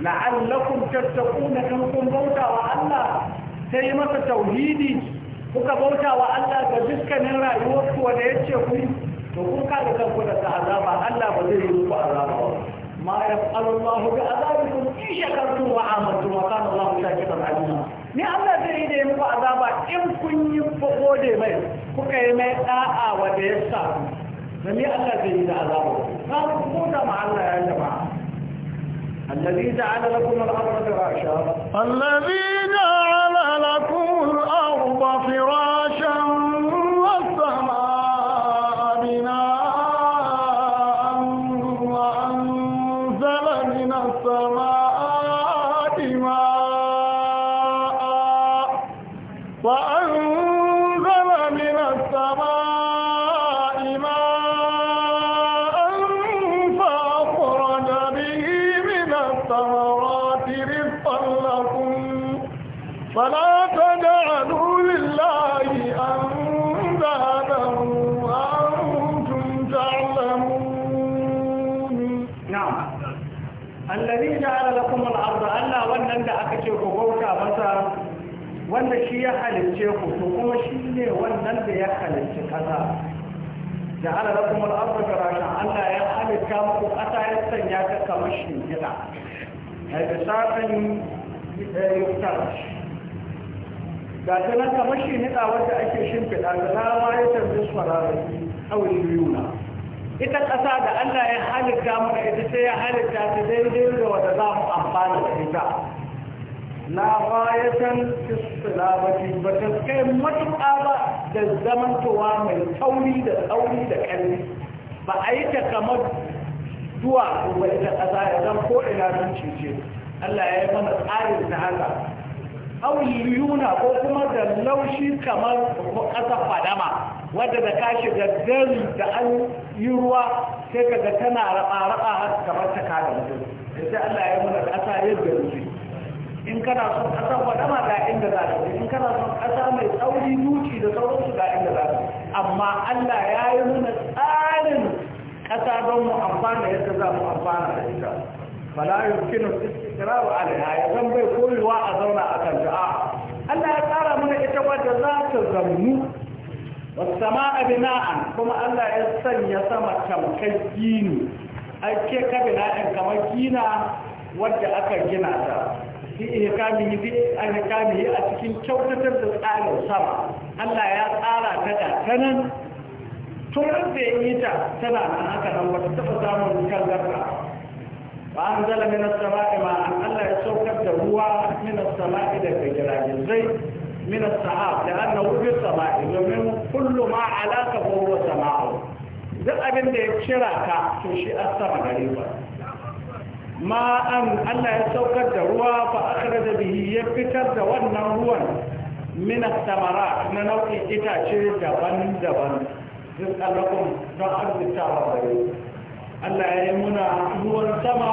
لعلكم تتقون كنكم بوتا وأن كلمه توحيدي kuka bauta wa Allah ga dukkanin rayuwarku wanda ya ce ku to kun kada kanku da azaba Allah ba zai yi muku azaba ba ma yaf'alu Allahu bi azabikum in shakartum wa amantum wa kana Allahu shakiran alima ni Allah zai yi da muku azaba in kun yi gode mai kuka yi mai da'a wanda ya sa dan ni Allah zai yi da azaba ba ku gode ma Allah ya jama'a الذي جعل لكم الأرض فراشا الذي جعل لكم الأرض وصراط أنت يا أهل الشهداء جعل لكم الأرض فراشا أن لا يحل كامك أتى يستنياك كمشي جدا أي آه، بساط يفترش لكن مشي نتا وجه أكي شمك لا ما يتنزل فرارة أو الليونة إذا أتى أن لا يحل كامك إذا سيحل كامك دين دين دين ودام أمبان الحجاب na ghayatan fi salabati ba ta kai matuƙa ba da zamantowa mai tauri da tsauri da ƙarfi ba a yi ta kamar zuwa ba ita ƙasa ya zan ko ina sun cece Allah ya yi mana tsarin ta haka aw ko kuma da laushi kamar ƙasa fadama wadda da ka shiga dari da an yi ruwa sai kaga tana raba raba har kamar ta kada mutum sai Allah ya yi mana ƙasa yadda rufe in kana son ƙasa wadama ga inda za ka in kana son ƙasa mai tsauri duci da sauransu ga inda za ka amma Allah ya yi nuna tsarin ƙasa don mu amfana yadda za mu amfana da ita fala yumkinu istiqrar alaiha ya zan bai koyewa a zauna a kan ta'a. Allah ya tsara mana ita wadda za ta zammu wasama'a bina'an kuma Allah ya sanya sama tamkar gini ake kabila in kamar gina wadda aka gina ta fi ihkamihi bi ihkamihi a cikin kyautatar da tsarin sama Allah ya tsara ta da tanan tun da yi ta tana nan haka nan wata taɓa samun kan zarra ba an zala min as-sama'i ma Allah ya saukar da ruwa min as-sama'i daga giragizai min as-sahab da annahu bi as-sama'i domin kullu ma alaka fa huwa sama'u duk abin da ya kira ka to shi as-sama gare ba ma'an Allah ya saukar da ruwa fa akhraja bihi ya fitar da wannan ruwan min samara na nau'in itace daban-daban zai rizqalakum don arzikawa bare Allah ya yi muna ruwan sama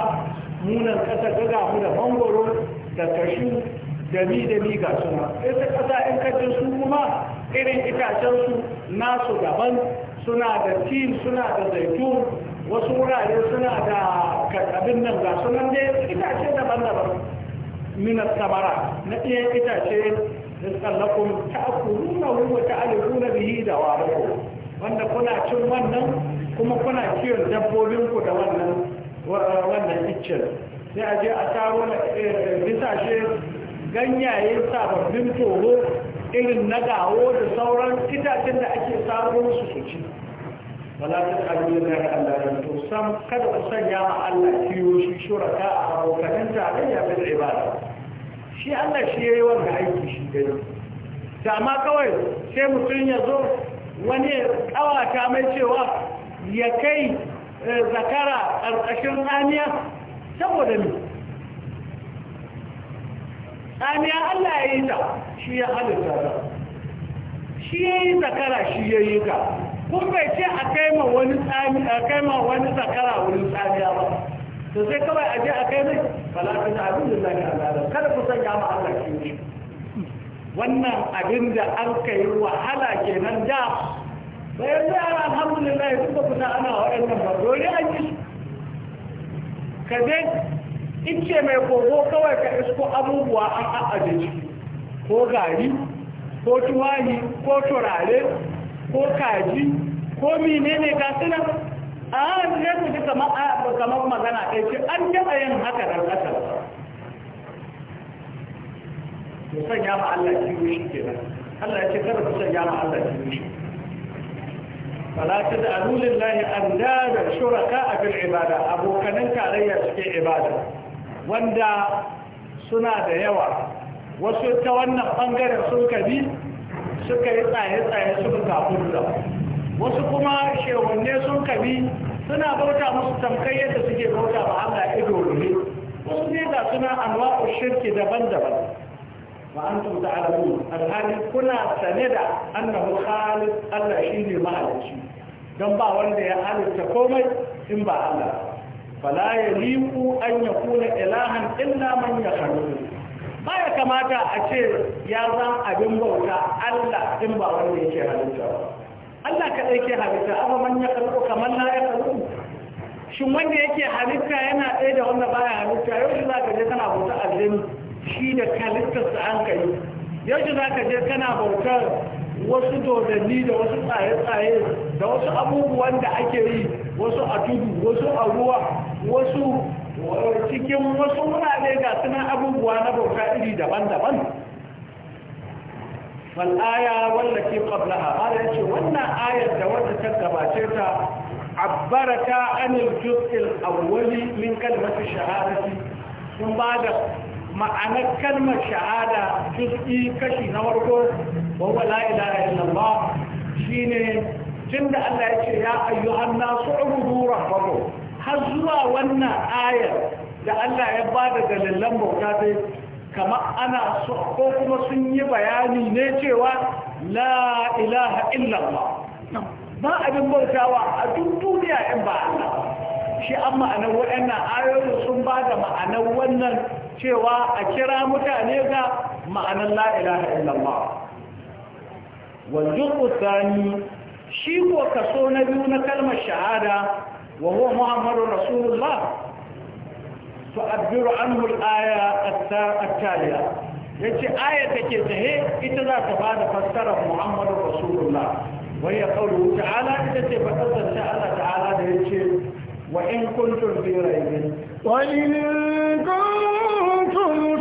munan kasa gaga mu da mangoro da kashu da mi ga suna ita kasa in kaje su kuma irin itacen su nasu daban suna da tin suna da zaitun wasu wurare suna da karkabin nan ga sunan ne itace daban-daban minas tabara na iya itace rizkan lakum ta'kuluna wa ta'alifuna bihi da waraku wanda kuna cin wannan kuma kuna kiyon dabbobin ku da wannan wannan iccen sai a je a taro na eh, bisashe ganyaye sababbin toho irin na gawo da sauran itacen da ake samun su su ci wala ta tsaru da zai Allah ne to sam kada ku sanya ma Allah kiyo shi shuraka a abokanan tarayya bil ibada shi Allah shi yayi wannan aiki shi gani da ma kawai sai mutum ya zo wani kawata mai cewa ya kai zakara ƙarƙashin tsaniya saboda ne tsaniya Allah ya yi ta shi ya halitta ta shi ya yi zakara shi ya yi ta kun bai ce a kai ma wani tsami wani zakara tsamiya ba to sai kawai a je a kai mai falafin abin da zai al'adar kada ku sanya ma Allah shi ne wannan abin da an kai wahala ke nan da bayan zai ara alhamdulillah ka fita ana waɗannan ba dole an yi ka je ce mai kogo kawai ka isko abubuwa an a'aje ko gari ko tuwani ko turare ko kaji ko menene ga suna a ne ku ji kamar magana ɗaya ce an taɓa yin haka ɗan ƙasar musan sanya ma Allah kiwo shi ke nan Allah ya ce kada musan ya ma Allah kiwo shi fala ta da alulin lahi an da da shuraka a fil ibada abokanin tarayya suke ibada wanda suna da yawa wasu ta wannan bangaren sun kabi suka yi tsaye-tsaye suka kafin da wasu kuma shehunne sun kabi suna bauta musu tamkai yadda suke bauta ba Allah ido ne wasu ne ga suna anwa'u shirki daban-daban wa antum ta'lamun alhali kuna sane da annahu khaliq Allah shine mahalicci don ba wanda ya halitta komai in ba Allah fala yaliqu an yakuna ilahan illa man yakhluqu ba ya kamata a ce ya zan abin bauta Allah in ba wanda yake halitta Allah kaɗai ke halitta amma man ya karɓo kamar na ya karɓo shin wanda yake halitta yana ɗaya da wanda baya halitta yau shi za ka je kana bauta aljini shi da halittarsa an kai yau shi za ka je kana bauta wasu dodanni da wasu tsaye-tsaye da wasu abubuwan da ake yi wasu a tudu wasu a ruwa wasu cikin wasu wurare ga suna abubuwa na bauta iri daban-daban wal'aya wallafi ƙablaha ala ce wannan ayar da wata ta gabace ta abbarata anil jusil awwali min kalmatu shahadati sun ba da ma'anar kalmar shahada jus'i kashi na warko wa la ilaha illallah shine tunda Allah ya ce ya ayyuhan nasu ubudu rabbakum har zuwa wannan ayar da Allah ya ba da dalilan bauta dai kama ana so ko kuma sun yi bayani ne cewa la ilaha illallah ba abin bautawa a duk duniya in ba Allah shi an ma'anar waɗannan ayoyi sun ba da ma'anar wannan cewa a kira mutane ga ma'anar la ilaha illallah wal juz'u shi ko kaso na biyu na kalmar shahada وهو محمد رسول الله فأبدر عنه الآية التالية يأتي آية تكيته إتلا تفاد فسر محمد رسول الله وهي قوله تعالى إذا تبقى الله تعالى يأتي وإن كنتم في ريب وإن كنتم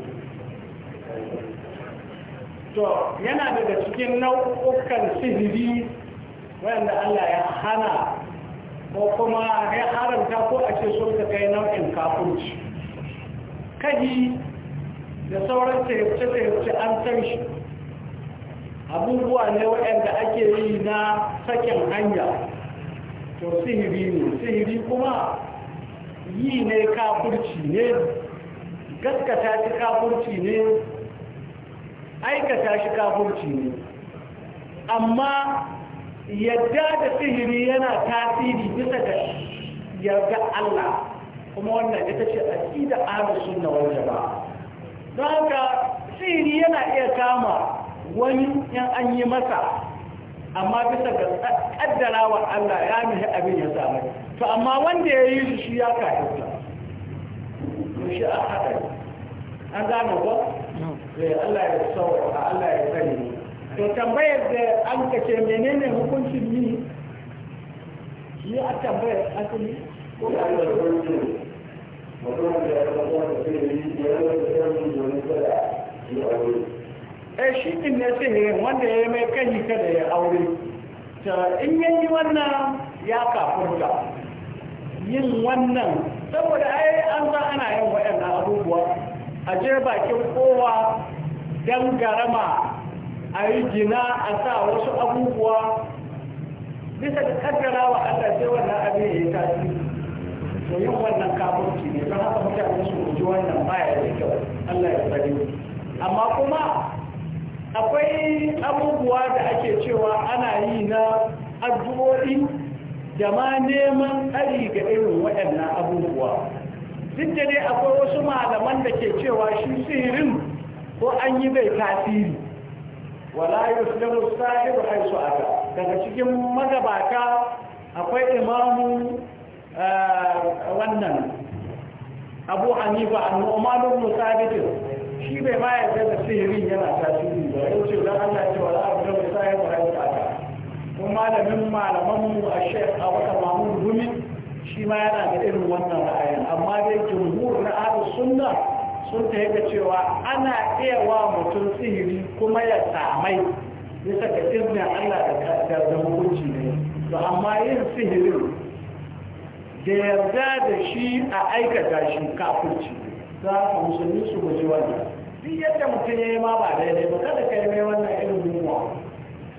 to yana daga cikin nau'ukan sihiri wanda Allah ya hana ko kuma ya haramta ko a ce sun ka kai nau'in kafurci kaji da sauran tehibce-tehibce an san shi abubuwa ne waɗanda ake yi na sakin hanya to sihiri ne sihiri kuma yi ne kafurci ne gaskata ta kafurci ne aikata shi kafurci ne amma yadda da sihiri yana tasiri bisa ga yarda Allah kuma wannan ita ce a da ahlus suna wal jamaa don haka sihiri yana iya kama wani yan an yi masa amma bisa ga kaddarawa Allah ya nuhi abin ya samu to amma wanda ya yi shi ya kafirta shi a an gano ko eh, Allah ya sauwa Allah ya sani to tambayar da an kace menene hukuncin ni ni a tambayar asali ko da hukuncin mutum da ya zama da da ya da ya aure eh shi din ne sihirin wanda ya yi mai kai kada ya aure ta in yayi wannan ya kafurta yin wannan saboda ai an za ana a je bakin kowa don garama a yi gina a sa wasu abubuwa bisa da kaddara wa Allah sai wannan abin ya yi tasiri to yin wannan kafurci ne don haka mutane su guji wannan baya da kyau Allah ya tsare amma kuma akwai abubuwa da ake cewa ana yi na addu'o'i da ma neman tsari ga irin waɗannan abubuwa duk da dai akwai wasu malaman da ke cewa shi sihirin ko an yi bai tasiri wala yuslimu sahibu haisu aka daga cikin magabata akwai imamu eh, wannan abu hanifa annu'man ibn sabit shi bai ma yarda da sihirin yana tasiri ba yace dan Allah ce wala yuslimu sahibu haisu aka kuma malamin malaman mu a shek a wata mamun gumi shi ma yana da irin wannan ra'ayin amma dai jumhur na ahlus sunna sun ta cewa ana iya wa mutum sihiri kuma ya samai bisa ga izinin Allah da da hukunci ne to amma yin sihirin da yarda da shi a aikata shi kafirci za ka musulmi su guji wannan duk yadda mutum ya yi ma ba daidai ba kada ka yi mai wannan irin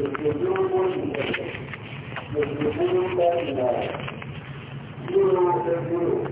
Thank you.